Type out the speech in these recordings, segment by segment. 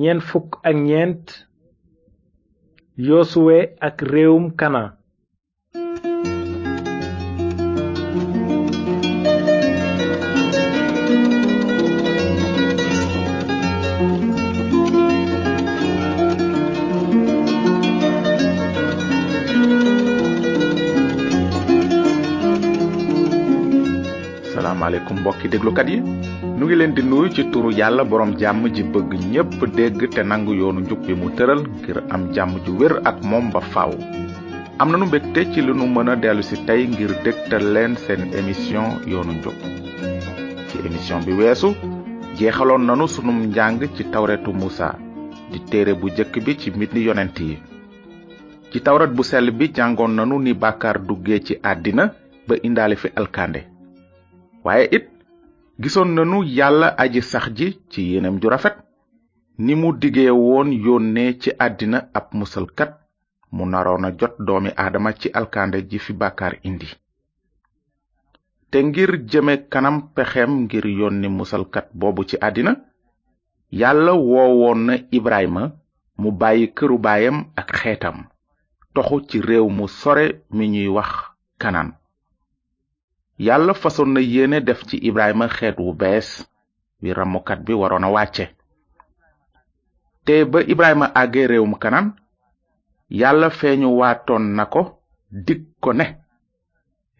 ñeent fukk ak ñeent yosuwe ak réewum kanaan salaamaaleykum mbokki déglukat yi nu ngi leen di nuyu ci turu yàlla boroom jàmm ji bëgg ñépp dégg te nangu yoonu njub bi mu tëral ngir am jàmm ju wér ak moom ba faw am nanu mbégte ci li nu mën a dellu tey ngir dégtal leen seen émission yoonu njub ci émission bi weesu jeexaloon nanu sunum njàng ci tawretu Musa di téere bu jëkk bi ci mbind yonent yi ci tawret bu sell bi jàngoon nanu ni bàkkaar duggee ci àddina ba indaale fi alkaande waaye it gisoon nanu yàlla aji sax ji ci yéenam ju rafet ni mu digee woon yónnee ci àddina ab musalkat mu naroon a jot doomi aadama ci alkande ji fi bàkkaar indi te ngir jëme kanam pexem ngir yónni musalkat boobu ci àddina yàlla woowoon na ibrahima mu bàyyi këru baayam ak xeetam toxu ci réew mu sore mi ñuy wax kanaan yàlla fasoon na yéene def ci Ibrahima xeet wu bees wi ramukat bi waroon a wàcce te ba Ibrahima àggee réewum kanam yàlla feeñu waatoon na ko dig ko ne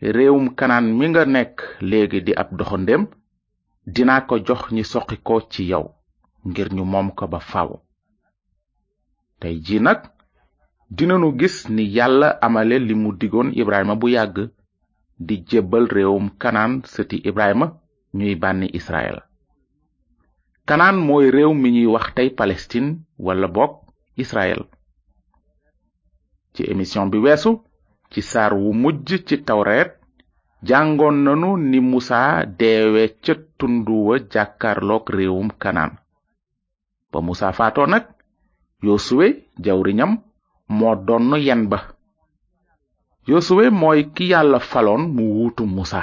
réewum kanaan mi nga nekk léegi di ab doxandéem dinaa ko jox ñi soqi ko ci yow ngir ñu moom ko ba faw tey jii nag dinanu gis ni yàlla amale li mu digoon Ibrahima bu yàgg di jébbal réewum kanaan sëti ibrahima ñuy bànni israel kanaan mooy réew mi ñuy wax tey palestine wala bokk israel ci émission bi weesu ci saar wu mujj ci tawreet jàngoon nanu ni musa deewe ca tunduwa jàkkarloog réewum kanaan ba musa faatoo nag yosuwe jawriñam moo donn yan ba yosuwe mooy ki yàlla faloon mu wuutu musa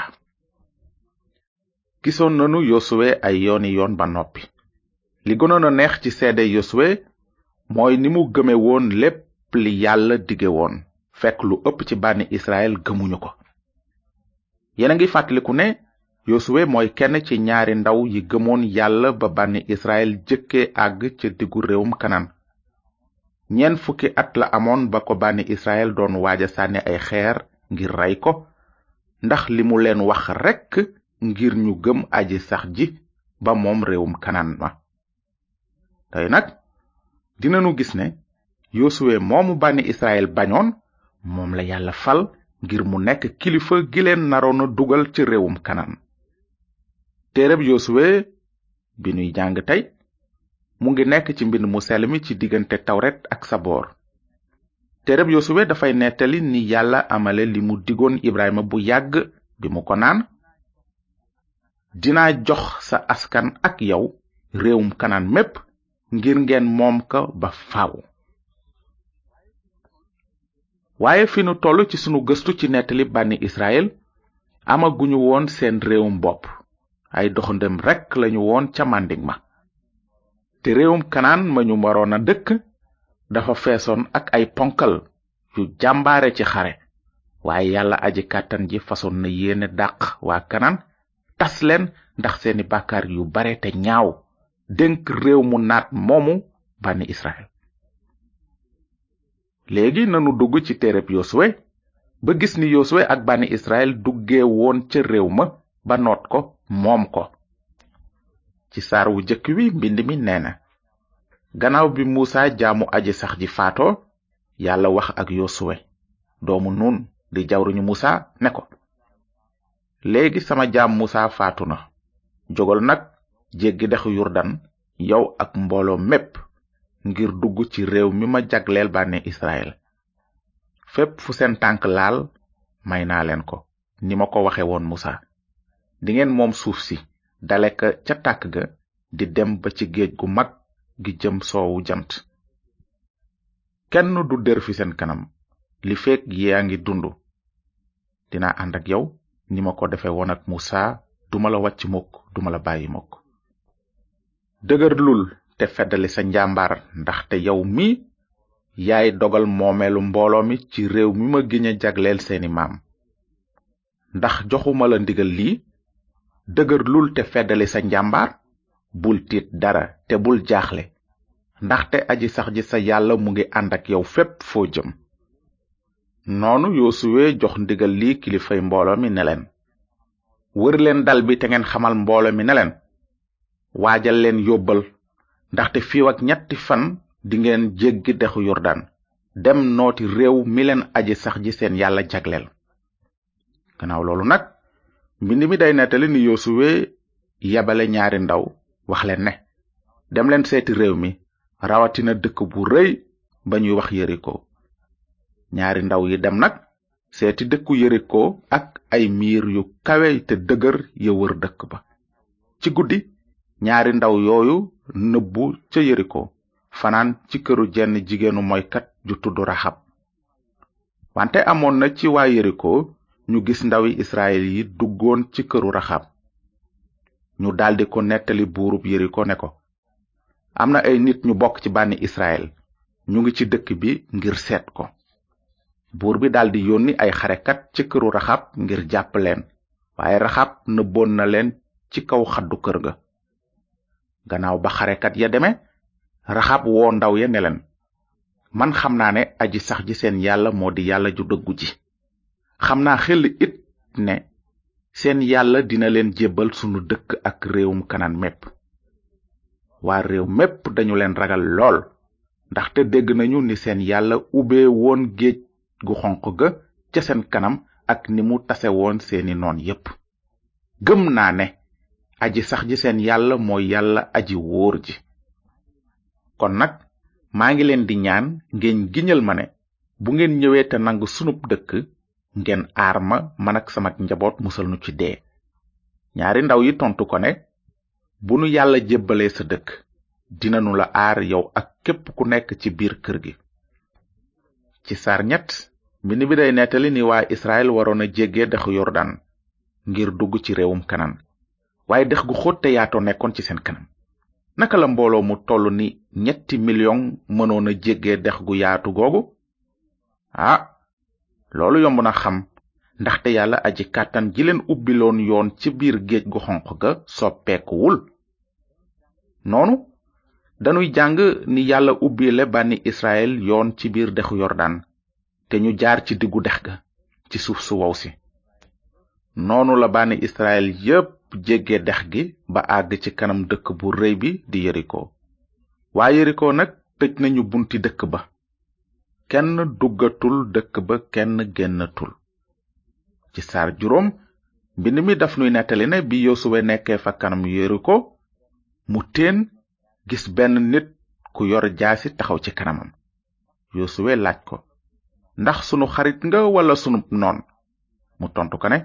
gisoon nanu yosuwe ay yooni yoon ba noppi li gënoon a neex ci seede yosuwe mooy ni mu gëme woon lépp li yàlla digge woon fekk lu ëpp ci bànni israel gëmuñu ko yéen a ngi fàttaliku ne yosuwe mooy kenn ci ñaari ndaw yi gëmoon yàlla ba bànni israel jëkke àgg ca diggu réewum kanaan ñeent fukki at la amoon ba ko bànni Israël doon waaja sànni ay xeer ngir rey ko ndax li mu leen wax rekk ngir ñu gëm aji sax ji ba moom réewum kanaan ma tey nag dinanu gis ne yosuwe moomu bànni Israël bañoon moom la yàlla fal ngir mu nekk kilifa gileen leen naroon a dugal ci réewum kanaan téereb yosuwe bi nuy jàng tey mu ngi nekk ci mbind mu sell mi ci diggante tawret ak saboor téereb yosuwe dafay nettali ni yàlla amale li mu digoon ibrahima bu yàgg bi ko naan dinaa jox sa askan ak yow réewum kanaan mépp ngir ngeen moom ko ba faaw waaye fi nu toll ci sunu gëstu ci nettali bànni israel amaguñu woon seen réewum bopp ay doxandem rekk lañu woon ca màndig ma te réewum kanaan ma ñu waroon a dëkk dafa feesoon ak ay ponkal yu jàmbaare ci xare waaye yàlla aji kàttan ji fasoon na yéene dàq waa kanaan tas leen ndax seeni bàkkaar yu bare te ñaaw dénk réew mu naat moomu bànni israel léegi nanu dugg ci téereb yosuwe ba gis ni yosuwe ak bànni israel duggee woon ca réew ma ba noot ko moom ko ci saar wu jëkk wi mbind mi nee na gannaaw bi muusa jaamu aji sax ji faato yàlla wax ak yosuwe doomu nun di jawriñu muusa ne ko léegi sama jaam muusa faatu na jógal nag jéggi dexu yurdan yow ak mbooloo mépp ngir dugg ci réew mi ma jagleel bànne israel fépp fu seen tànk laal may naa leen ko ni ma ko waxe woon muusa dingeen moom suuf si daleka ca tàkk ga di dem ba ci géej gu mag gi jëm soowu jant kenn du dër fi seen kanam li feek yaa ngi dund dina ànd ak yow ni ma ko defe woon ak musa duma la wàcc mukk duma la bàyyi mukk dëgërlul te feddali sa njàmbaar ndaxte yow mii yaay dogal moomeelu mbooloo mi ci réew mi ma giñe jagleel seeni maam ndax joxuma la ndigal lii dëgër lul te feddali sa njàmbaar bul tiit dara te bul jaaxle ndaxte aji sax ji sa yàlla mu ngi ànd ak yow fépp foo jëm noonu yosuwe jox ndigal li kilifay mboolo mi ne leen wër leen dal bi te ngeen xamal mbooloo mi ne leen waajal leen yóbbal ndaxte fiiw ak ñetti fan dingeen jéggi dexu yordan dem nooti réew mi leen aji sax ji seen yàlla jagleel mbind mi day nettali ni yosuwe yebale ñaari ndaw waxleen ne dem leen seeti réew mi rawatina dëkk bu rëy ba ñuy wax yeriko ñaari ndaw yi dem nag seeti dëkku yeriko ak ay miir yu kawe te dëgër ya wër dëkk ba ci guddi ñaari ndaw yooyu nëbbu ca yeriko fanaan ci këru jenn jigéenu moykat ju tudd raxab wante amoon na ci waa yeriko ñu gis ndawi israel yi duggoon ci këru raxab ñu daldi ko nettali buurub yeriko ne ko am na ay nit ñu bokk ci bànni israel ñu ngi ci dëkk bi ngir seet ko buur bi daldi yónni ay xarekat ci këru raxab ngir jàpp leen waaye raxab nëbboon na leen ci kaw xaddu kër ga gannaaw ba xarekat ya deme raxab woo ndaw ya ne leen man xam naa ne aj sax ji seen yàlla moo di yàlla ju dëggu ji xam naa xel it ne seen yàlla dina leen jébbal sunu dëkk ak réewum kanaan mépp waa réew mépp dañu leen ragal lool ndaxte dégg nañu ni seen yàlla ubbee woon géej gu xonq ga ca seen kanam ak ni mu tase woon seeni noon yépp gëm naa ne aji sax ji seen yàlla mooy yàlla aji wóor ji kon nag maa ngi leen di ñaan ngeen giñal ma ne bu ngeen ñëwee te nangu sunub dëkk ngeen aar ma man ak sama njaboot musal nu ci dee ñaari ndaw yi tontu ko ne bu nu yàlla jébbalee sa dëkk dina nu la aar yow ak képp ku nekk ci biir kër gi ci sar ñett mbind bi day nettali ni waa israel waroon a jéggee dexu yordan ngir dugg ci réewum kanaan waaye dex gu xóot te yaatoo nekkoon ci seen kanam naka la mbooloo mu toll ni ñetti million mënoon a jéggee dex gu yaatu googu ah loolu yomb na xam ndaxte yàlla aji kàttan ji leen ubbiloon yoon ci biir géej gu xonq ga soppeekuwul noonu danuy jàng ni yàlla ubbile bànni israel yoon ci biir dexu yordaan te ñu jaar ci diggu dex ga ci suuf su wow si noonu la bànni israel yépp jégge dex gi ba àgg ci kanam dëkk bu rëy bi di yeriko waa yeriko nag tëj nañu bunti dëkk ba kenn duggatul dëkk ba kenn génnatul ci saar juróom mbind mi daf nuy nettali ne bi yosuwe nekkee fa kanam yeriko mu téen gis benn nit ku yor jaasi taxaw ci kanamam yosuwe laaj ko ndax sunu xarit nga wala sunu noon mu tontu ko ne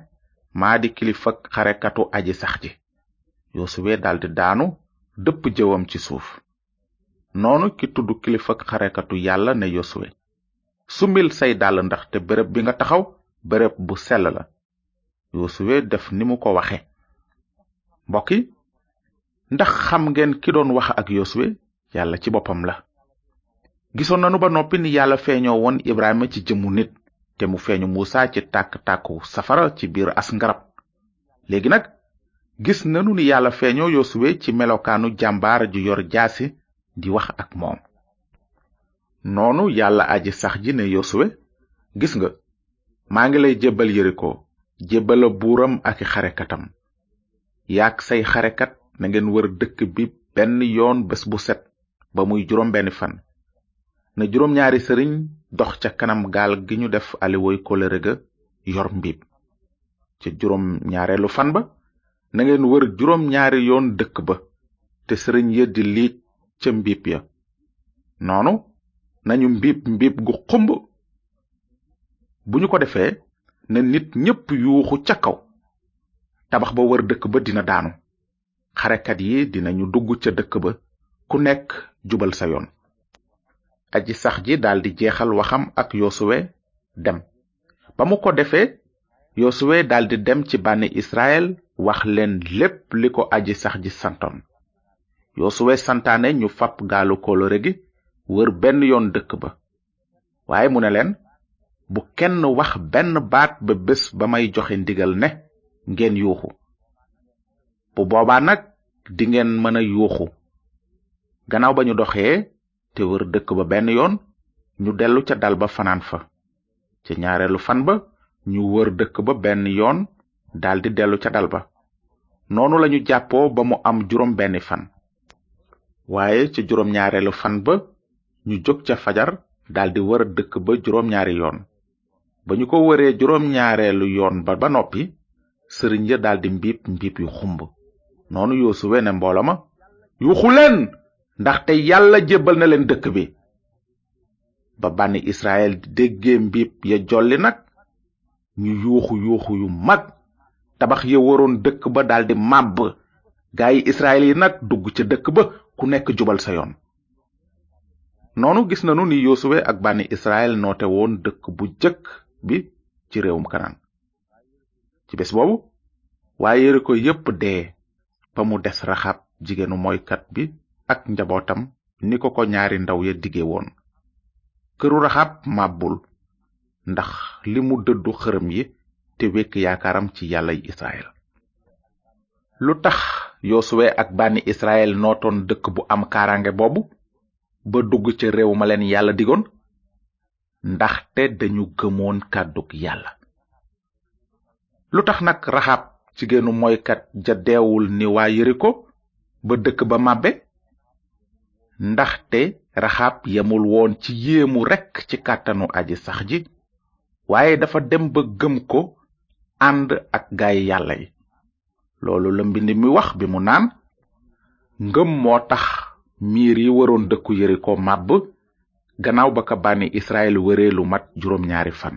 maa di kilifa xarekatu aji sax ji yosuwe daldi daanu dëpp jëwam ci suuf noonu ki tudd kilifa xarekatu yàlla ne yosuwe summil say dàll ndaxte béréb bi nga taxaw bërëb bu sell la yosuwe def ni mu ko waxe mbokk yi ndax xam ngeen ki doon wax ak yosuwe yàlla ci boppam la gisoon nanu ba noppi ni yàlla feeñoo woon ibrahima ci jëmmu nit te mu feeñu muusa ci tàkk-tàkku safara ci biir as ngarab léegi nag gis nanu ni yàlla feeñoo yosuwe ci melokaanu jàmbaar ju yor jaasi di wax ak moom noonu yàlla aji sax ji ne yosuwe gis nga maa ngi lay jébbal yeriko jébbala buuram ak xarekatam yaak say xarekat na ngeen wër dëkk bi benn yoon bés bu set ba muy juróom benn fan na juróom ñaari sëriñ dox ca kanam gaal gi ñu def aliwoy kolere ga yor mbiib ca juróom ñaareelu fan ba na ngeen wër juróom ñaari yoon dëkk ba te sëriñ ya di liig ca mbiib ya noonu nañu mbiib mbiib gu xumb bu ñu ko defee ne nit ñépp yuuxu ca kaw tabax ba wër dëkk ba dina daanu xarekat yi dinañu dugg ca dëkk ba ku nekk jubal sa yoon aji sax ji daldi jeexal waxam ak yosuwe dem ba mu ko defee yosuwe daldi dem ci bànni israel wax leen lépp li ko aji sax ji santoon yosuwe santaane ñu fapp gaalu kolore gi wër benn yoon dëkk ba waaye mu ne leen bu kenn wax benn baat ba bés ba may joxe ndigal ne ngeen yuuxu bu boobaa nag dingeen mën a yuuxu gannaaw ba ñu doxee te wër dëkk ba benn yoon ñu dellu ca dal ba fanaan fa ca ñaareelu fan ba ñu wër dëkk ba benn yoon daldi dellu ca dal ba noonu lañu jàppoo ba mu am juróom benni fan waaye ca juróom ñaareelu fan ba ñu jóg ca fajar daldi wër dëkk ba juróom ñaari yoon ba ñu ko wëree juróom ñaareelu yoon ba ba noppi sëriñ ya daldi mbiip mbiip yu xumb noonu yoosuwe ne mboolo ma yuuxu leen te yàlla jébbal na leen dëkk bi ba bànni israel di déggee mbiip ya jolli nag ñu yuuxu yuuxu yu mag tabax ya waroon dëkk ba daldi màbb gaay israel yi nag dugg ca dëkk ba ku nekk jubal sa yoon noonu gis nanu ni yosuwe ak banni israel noote woon dëkk bu jëkk bi ci réewum kanaan ci bés boobu waaye yeriko yépp dee ba mu des raxab jigéenu moykat bi ak njabootam ni ko ko ñaari ndaw ya dige woon këru raxab màbbul ndax li mu dëddu xërëm yi te wekk yaakaaram ci yàlla israel lu tax yosuwe ak bànni israel nootoon dëkk bu am kaaraange boobu ba dugg ca réew ma leen yàlla digoon ndaxte dañu gëmoon kàddug yàlla lu tax nag raxaab jigéenu moykat ja deewul ni waa yeriko ba dëkk ba màbbe ndaxte raxaab yemul woon ci yéemu rekk ci kàttanu aji sax ji waaye dafa dem ba gëm ko ànd ak gaay yàlla yi loolu la mbind mi wax bi mu naan ngëm moo tax miir yi waroon dëkku yeriko màbb gannaaw ba ka bànni israel wëree lu mat juróom ñaari fan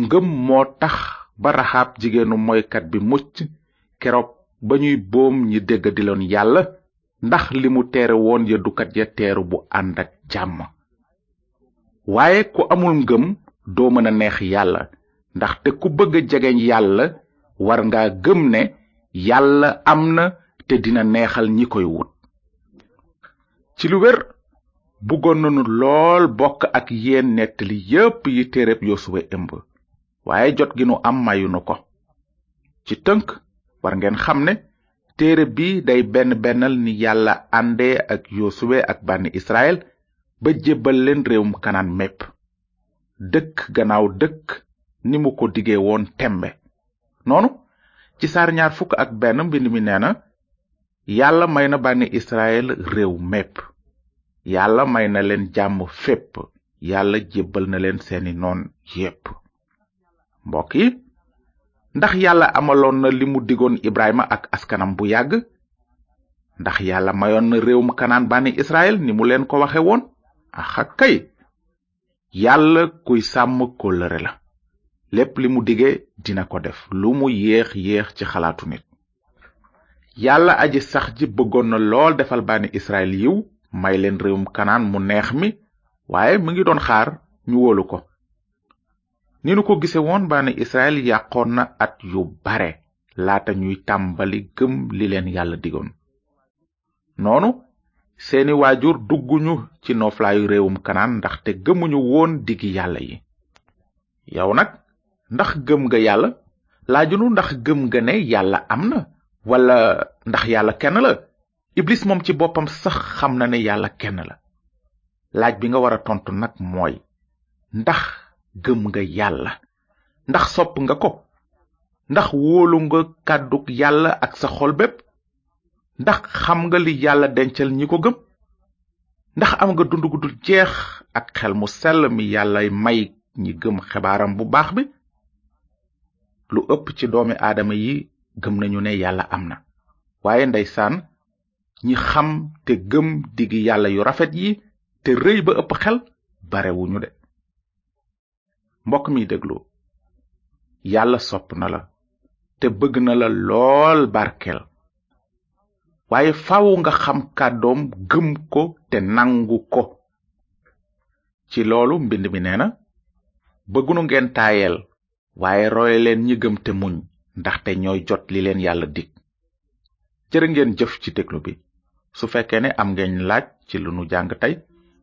ngëm moo tax ba raxaab jigéenu moykat bi mucc keroog ba ñuy boom ñi dégg di loon yàlla ndax li mu teere woon yëddukat ya teeru bu ànd ak jàmm waaye ku amul ngëm doo mën a neex yàlla ndax te ku bëgg a yàlla war nga gëm ne yàlla am na te dina neexal ñi koy wut ci lu wér bëggoon nanu lool bokk ak yenn nettali yépp yi téereb yosuwe ëmb waaye jot gi nu am mayunu ko ci tënk war ngeen xam ne téere bi day benn bennal ni yàlla ànde ak yosuwe ak bànni israel ba jébbal leen réewum kanaan mépp dëkk gannaaw dëkk ni mu ko digee woon tembe noonu ci saar ñaar fukk ak benn mbind mi nee na yàlla may na bànni israel réew mépp yàlla may na leen jàmm fépp yàlla jébbal na leen seeni noon yépp mbokk yi ndax yàlla amaloon na li mu digoon ibrahima ak askanam bu yàgg ndax yàlla mayoon na réewum kanaan bànni israel ni mu leen ko waxe woon axa kay yàlla kuy sàmm kóllëre la lépp li mu dige dina ko def lu mu yéex yéex ci xalaatu nit yàlla aji sax ji bëggoon na lool defal bànni israel yiw may leen réewum kanaan mu neex mi waaye mu ngi doon xaar ñu wóolu ko ni nu ko gise woon bànni israel yàqoon na at yu bare laata ñuy tàmbali gëm li leen yàlla digoon noonu seeni waajur dugguñu ci nooflaayu réewum kanaan ndaxte gëmuñu woon digi yàlla yi yow nag ndax gëm nga yàlla laajunu ndax gëm nga ne yàlla am na wala ndax yàlla kenn la iblis moom ci boppam sax xam na ne yàlla kenn la laaj bi nga war a tontu nag mooy ndax gëm nga yàlla ndax sopp nga ko ndax woolu nga kàddug yàlla ak sa xol bépp ndax xam nga li yàlla dencal ñi ko gëm ndax am nga dund gu jeex ak xel mu sel mi yàllay may ñi gëm xibaaram bu baax bi lu ëpp ci doomi aadama yi gëm nañu ne yàlla am na waaye ndeysaan ñi xam te gëm digi yàlla yu rafet yi te rëy ba ëpp xel barewuñu de mbokk mi déglu yàlla sopp na la te bëgg na la lool barkeel waaye faaw nga xam kàddoom gëm ko te nangu ko ci loolu mbind mi nee na bëggunu ngeen taayeel waaye roye ñi gëm te muñ ndaxte ñooy jot li leen yàlla dig jërë ngeen jëf ci déglu bi su fekkee ne am ngeen laaj ci lu nu jàng tey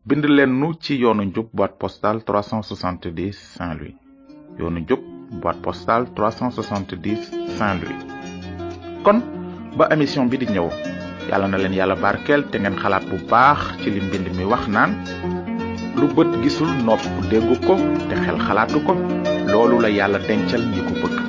bind leen nu ci yoonu njub boîte postale 370 Saint-Louis yoonu njub boîte postale 370 Saint-Louis kon ba émission bi di ñëw yàlla na leen yàlla barkeel te ngeen xalaat bu baax ci li mbind mi wax naan lu bët gisul nopp déggu ko te xel xalaatu ko loolu la yàlla dencal ñi ko bëgg